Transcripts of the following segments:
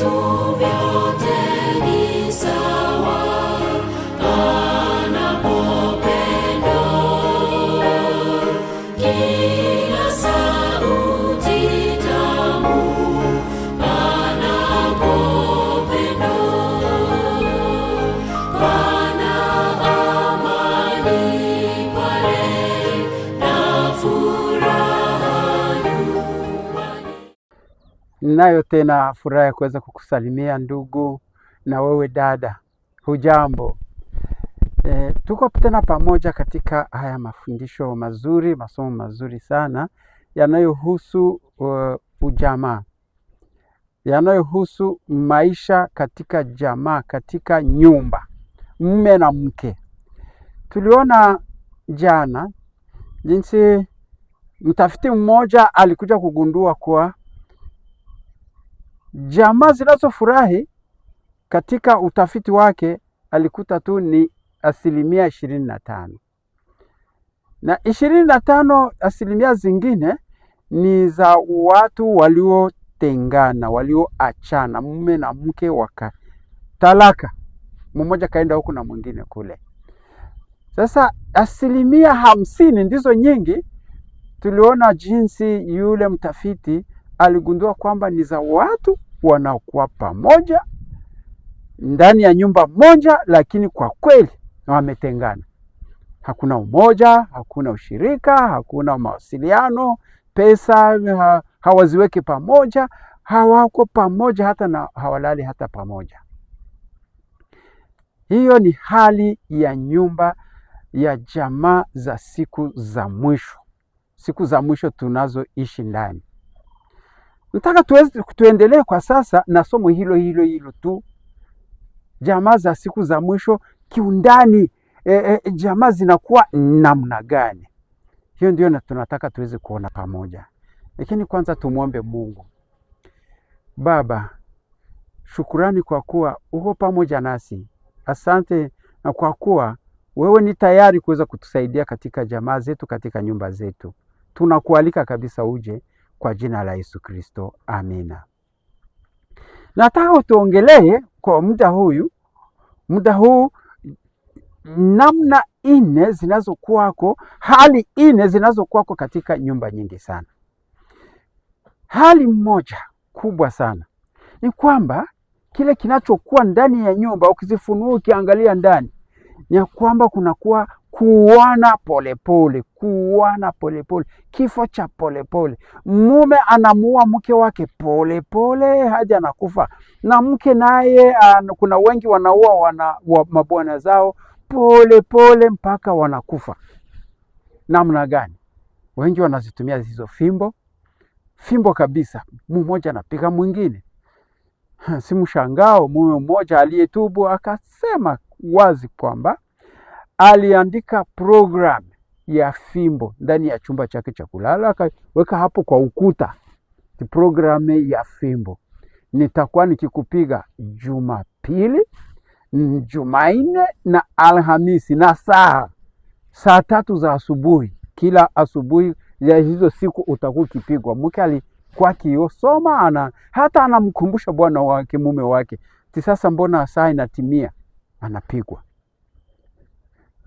tu viote mi sa Ninayo tena furaha ya kuweza kukusalimia ndugu, na wewe dada, hujambo? E, tuko tena pamoja katika haya mafundisho mazuri, masomo mazuri sana yanayohusu uh, ujamaa, yanayohusu maisha katika jamaa, katika nyumba, mume na mke. Tuliona jana jinsi mtafiti mmoja alikuja kugundua kuwa Jamaa zinazofurahi katika utafiti wake alikuta tu ni asilimia ishirini na tano na ishirini na tano asilimia zingine ni za watu waliotengana, walioachana, mume na mke wakatalaka, mmoja kaenda huku na mwingine kule. Sasa asilimia hamsini ndizo nyingi. Tuliona jinsi yule mtafiti aligundua kwamba ni za watu wanakuwa pamoja ndani ya nyumba moja, lakini kwa kweli wametengana. Hakuna umoja, hakuna ushirika, hakuna mawasiliano, pesa ha, hawaziweki pamoja, hawako pamoja hata na hawalali hata pamoja. Hiyo ni hali ya nyumba ya jamaa za siku za mwisho, siku za mwisho tunazoishi ndani. Nataka tuweze tuendelee kwa sasa na somo hilo hilo hilo tu, jamaa za siku za mwisho kiundani. E, e, jamaa zinakuwa namna gani? Hiyo ndio na tunataka tuweze kuona pamoja, lakini kwanza tumwombe Mungu. Baba, shukurani kwa kuwa uko pamoja nasi, asante na kwa kuwa wewe ni tayari kuweza kutusaidia katika jamaa zetu, katika nyumba zetu. Tunakualika kabisa uje kwa jina la Yesu Kristo, amina. Nataka utuongelee kwa muda huyu muda huu namna ine zinazokuwako, hali ine zinazokuwako katika nyumba nyingi sana. Hali moja kubwa sana ni kwamba kile kinachokuwa ndani ya nyumba ukizifunua, ukiangalia ndani, ni ya kwamba kunakuwa kuuana polepole, kuuana polepole, kifo cha polepole. Mume anamuua mke wake polepole hadi anakufa, na mke naye, kuna wengi wanaua wana, wa, mabwana zao polepole mpaka wanakufa. Namna gani? Wengi wanazitumia hizo fimbo, fimbo kabisa, mmoja anapiga mwingine. Si mshangao mume mmoja aliyetubu akasema wazi kwamba aliandika program ya fimbo ndani ya chumba chake cha kulala, akaweka hapo kwa ukuta programu ya fimbo. Nitakuwa nikikupiga Jumapili, Jumanne na Alhamisi na saa saa tatu za asubuhi kila asubuhi ya hizo siku utakuwa ukipigwa. Mke alikuwa akiosoma ana hata anamkumbusha bwana wake mume wake ti, sasa mbona saa inatimia, anapigwa.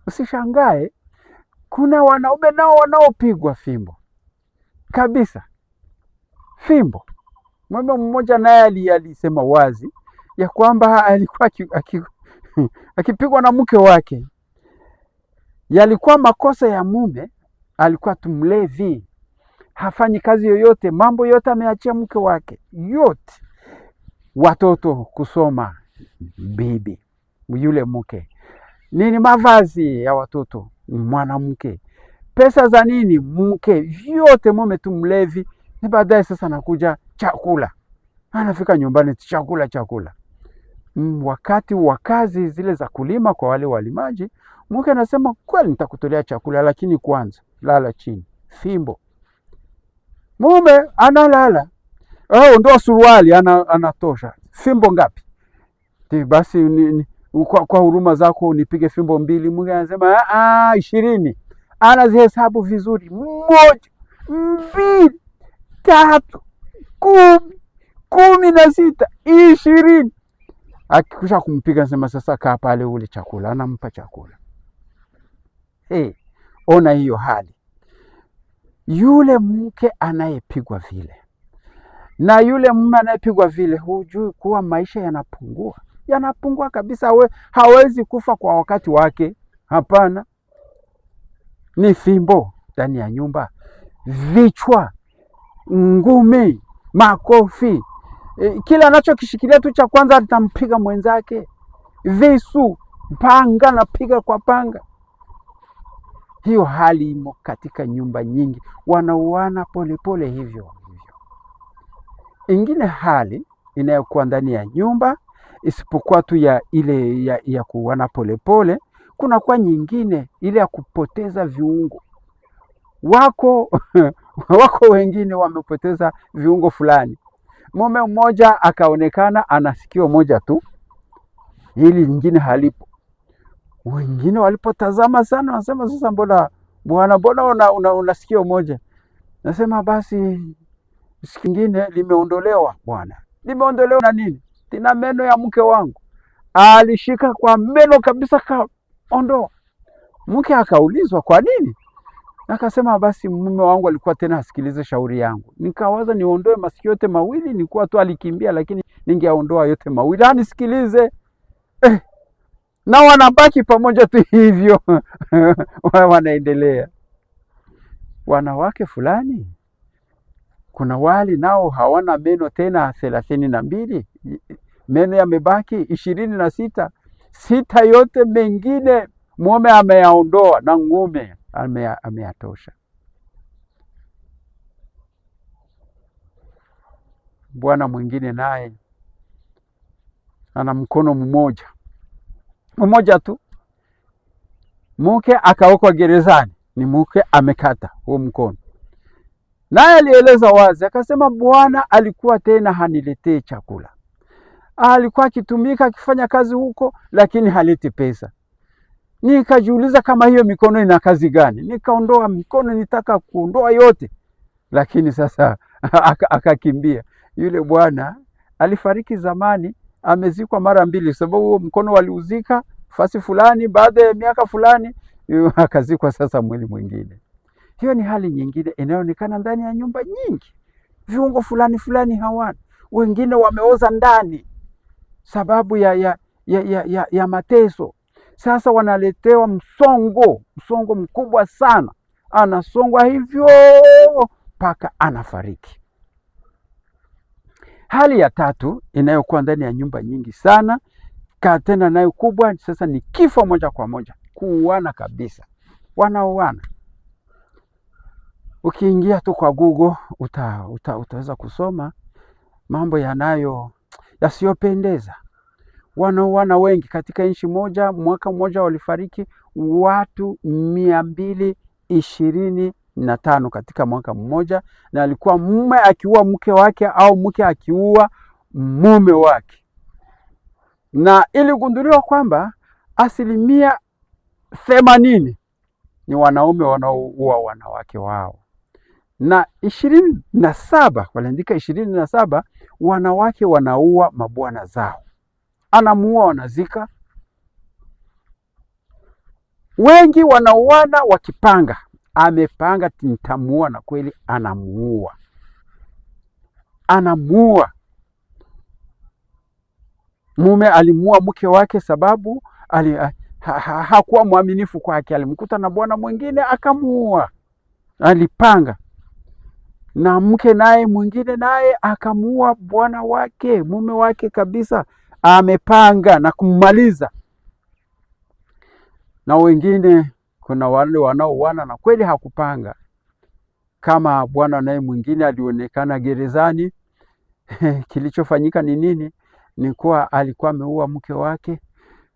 Usishangae kuna wanaume nao wanaopigwa fimbo kabisa, fimbo. Mama mmoja naye alisema wazi ya kwamba alikuwa akipigwa na mke wake, yalikuwa makosa ya mume, alikuwa tumlevi, hafanyi kazi yoyote, mambo yote ameachia mke wake, yote watoto kusoma, bibi yule mke nini, mavazi ya watoto ni mwanamke, pesa za nini mke, vyote mume tu mlevi. Ni baadaye sasa nakuja chakula, anafika nyumbani chakula chakula. Mm, wakati wa kazi zile za kulima kwa wale walimaji, mke anasema kweli, nitakutolea chakula, lakini kwanza lala chini, fimbo. Mume analala ondoa oh, suruali, anatosha ana fimbo ngapi? Basi ni, ni, kwa, kwa huruma zako nipige fimbo mbili. Mungu anasema ah, ah, ishirini, anazihesabu vizuri, moja, mbili, tatu, kumi, kumi na sita, ishirini. akikusha kumpiga anasema sasa, kaa pale ule chakula, anampa chakula. Hey, ona hiyo hali yule mke anayepigwa vile na yule mume anayepigwa vile, hujui kuwa maisha yanapungua yanapungua kabisa. We, hawezi kufa kwa wakati wake, hapana. Ni fimbo ndani ya nyumba, vichwa, ngumi, makofi, e, kila anachokishikilia tu cha kwanza atampiga mwenzake, visu, panga, napiga kwa panga. Hiyo hali imo katika nyumba nyingi, wanauana polepole hivyo hivyo. Ingine hali inayokuwa ndani ya nyumba isipokuwa tu ya ile ya, ya kuwana polepole. Kuna kwa nyingine ile ya kupoteza viungo wako wako wengine wamepoteza viungo fulani. Mume mmoja akaonekana ana sikio moja tu, hili lingine halipo. Wengine walipotazama sana, wanasema sasa, mbona bwana, mbona una, una, una sikio moja? Nasema basi sikio lingine limeondolewa bwana, limeondolewa na nini? na meno ya mke wangu. Alishika kwa meno kabisa, kaondoa. Mke akaulizwa kwa nini, akasema basi mume wangu alikuwa tena asikilize shauri yangu. Nikawaza niondoe masikio yote mawili, nikuwa tu alikimbia, lakini ningeondoa yote mawili anisikilize ah, eh, na wanabaki pamoja tu hivyo wanaendelea wanawake fulani kuna wale nao hawana meno tena thelathini na mbili, meno yamebaki ishirini na sita. Sita yote mengine mume ameyaondoa na ng'ume ameyatosha. Bwana mwingine naye ana mkono mmoja mmoja tu, muke akaokwa gerezani, ni muke amekata huo mkono naye alieleza wazi akasema, Bwana alikuwa tena haniletee chakula. Alikuwa akitumika akifanya kazi huko, lakini haleti pesa. Nikajiuliza kama hiyo mikono ina kazi gani? Nikaondoa mikono, nitaka kuondoa yote, lakini sasa akakimbia. Yule bwana alifariki zamani, amezikwa mara mbili, sababu mkono waliuzika fasi fulani, baada ya miaka fulani akazikwa sasa mwili mwingine. Hiyo ni hali nyingine inayoonekana ndani ya nyumba nyingi. Viungo fulani fulani hawana, wengine wameoza ndani sababu ya, ya, ya, ya, ya, ya mateso. Sasa wanaletewa msongo, msongo mkubwa sana, anasongwa hivyo mpaka anafariki. Hali ya tatu inayokuwa ndani ya nyumba nyingi sana ka tena nayo kubwa sasa ni kifo moja kwa moja, kuuana kabisa, wanaoana ukiingia tu kwa Google uta, uta, utaweza kusoma mambo yanayo yasiyopendeza. Wanaoana wengi katika nchi moja, mwaka mmoja walifariki watu mia mbili ishirini na tano katika mwaka mmoja, na alikuwa mume akiua mke wake au mke akiua mume wake, na iligunduliwa kwamba asilimia themanini ni wanaume wanaoua wanawake wao na ishirini na saba waliandika ishirini na saba wanawake wanaua mabwana zao, anamuua wanazika, wengi wanauana wakipanga, amepanga nitamuua, na kweli anamuua, anamuua. Mume alimuua mke wake sababu ali, ha, ha, hakuwa mwaminifu kwake, alimkuta na bwana mwingine akamuua, alipanga na mke naye mwingine naye akamuua bwana wake, mume wake kabisa, amepanga na kummaliza. Na wengine kuna wale wanaouana na kweli hakupanga, kama bwana naye mwingine alionekana gerezani. Kilichofanyika ni nini? Ni kuwa alikuwa ameua mke wake,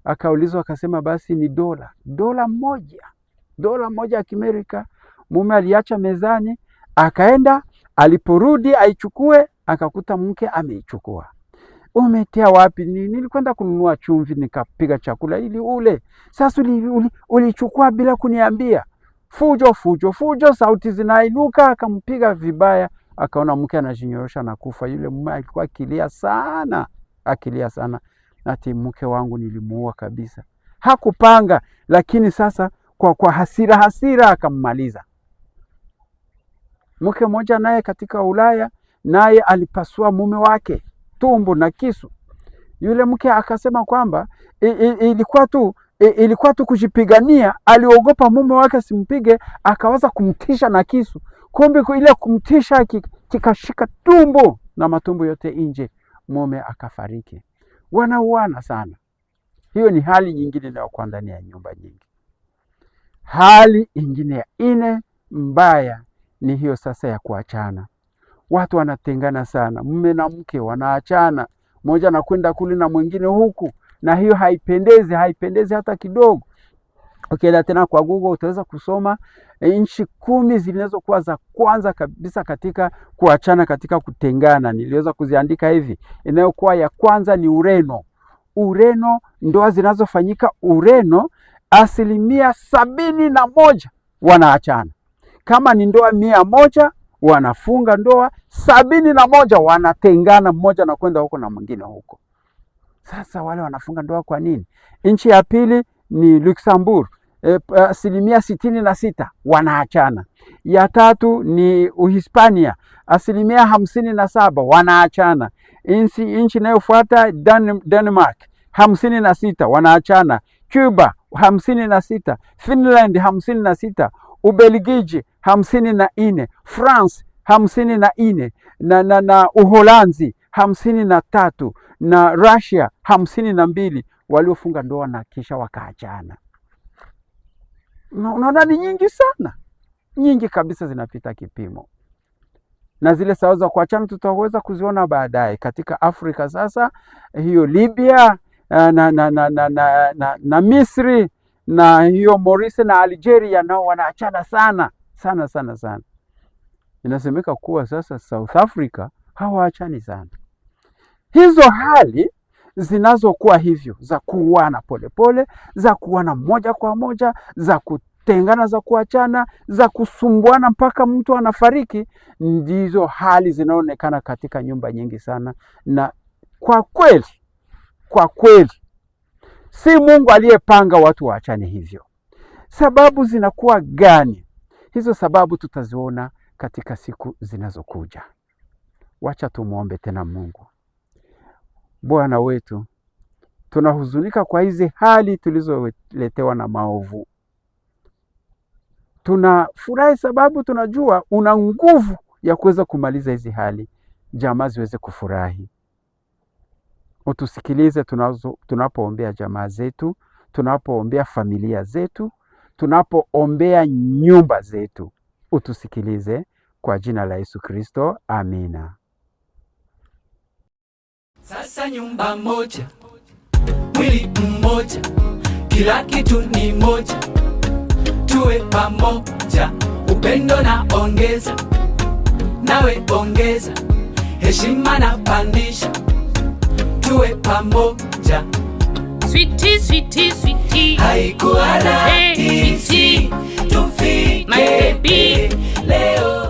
akaulizwa akasema, basi ni dola dola moja dola moja ya Kimerika. Mume aliacha mezani akaenda Aliporudi aichukue akakuta mke ameichukua. Umetia wapi? Ni nilikwenda kununua chumvi nikapiga chakula ili ule. Sasa ulichukua uli, uli bila kuniambia. Fujo, fujo, fujo, sauti zinainuka. Akampiga vibaya, akaona mke anajinyorosha na kufa. Yule mume alikuwa akilia sana, akilia sana, ati mke wangu nilimuua kabisa. Hakupanga, lakini sasa kwa, kwa hasira hasira akammaliza. Mke mmoja naye katika Ulaya, naye alipasua mume wake tumbo na kisu. Yule mke akasema kwamba ilikuwa tu ilikuwa tu kujipigania, aliogopa mume wake simpige, akawaza kumtisha na kisu, kumbe ile kumtisha kikashika tumbo na matumbo yote nje, mume akafariki. Wanauana sana. Hiyo ni hali nyingine inayokuwa ndani ya nyumba nyingi. Hali ingine ya ine mbaya ni hiyo sasa ya kuachana. Watu wanatengana sana, mume na mke wanaachana, mmoja anakwenda kule na mwingine huku, na hiyo haipendezi, haipendezi hata kidogo. Ukienda okay, tena kwa Google utaweza kusoma eh, nchi kumi zinazokuwa za kwanza kabisa katika kuachana, katika kutengana. Niliweza kuziandika hivi. Inayokuwa ya kwanza ni Ureno. Ureno, ndoa zinazofanyika Ureno asilimia sabini na moja wanaachana. Kama ni ndoa mia moja wanafunga ndoa sabini na moja wanatengana, mmoja na kwenda huko na mwingine huko. Sasa wale wanafunga ndoa kwa nini? Nchi ya pili ni Luxembourg, e, asilimia sitini na sita wanaachana. Ya tatu ni Uhispania, asilimia hamsini na saba wanaachana. Nchi inayofuata Denmark, hamsini na sita wanaachana. Cuba hamsini na sita Finland hamsini na sita Ubelgiji hamsini na nne France hamsini na nne na, na, na Uholanzi hamsini na tatu na Russia hamsini na mbili waliofunga ndoa na kisha wakaachana. Unaona, ni nyingi sana, nyingi kabisa, zinapita kipimo. Na zile sababu za kuachana tutaweza kuziona baadaye katika Afrika. Sasa hiyo Libya eh, na, na, na, na, na, na, na Misri na hiyo Morisi na Algeria nao wanaachana sana sana sana sana. Inasemeka kuwa sasa South Africa hawaachani sana. Hizo hali zinazokuwa hivyo za kuuana polepole, za kuuana moja kwa moja, za kutengana, za kuachana, za kusumbuana mpaka mtu anafariki, ndizo hali zinaonekana katika nyumba nyingi sana. Na kwa kweli, kwa kweli si Mungu aliyepanga watu waachane hivyo. Sababu zinakuwa gani? Hizo sababu tutaziona katika siku zinazokuja. Wacha tumwombe tena Mungu. Bwana wetu, tunahuzunika kwa hizi hali tulizoletewa na maovu. Tunafurahi sababu tunajua una nguvu ya kuweza kumaliza hizi hali, jamaa ziweze kufurahi. Utusikilize tunapoombea jamaa zetu, tunapoombea familia zetu, tunapoombea nyumba zetu. Utusikilize kwa jina la Yesu Kristo, amina. Sasa nyumba moja, mwili mmoja, kila kitu ni moja, tuwe pamoja, upendo na ongeza, nawe ongeza, heshima na pandisha, tuwe pamoja Switi, switi, switi. Haikuwa rahisi hey, tumfike leo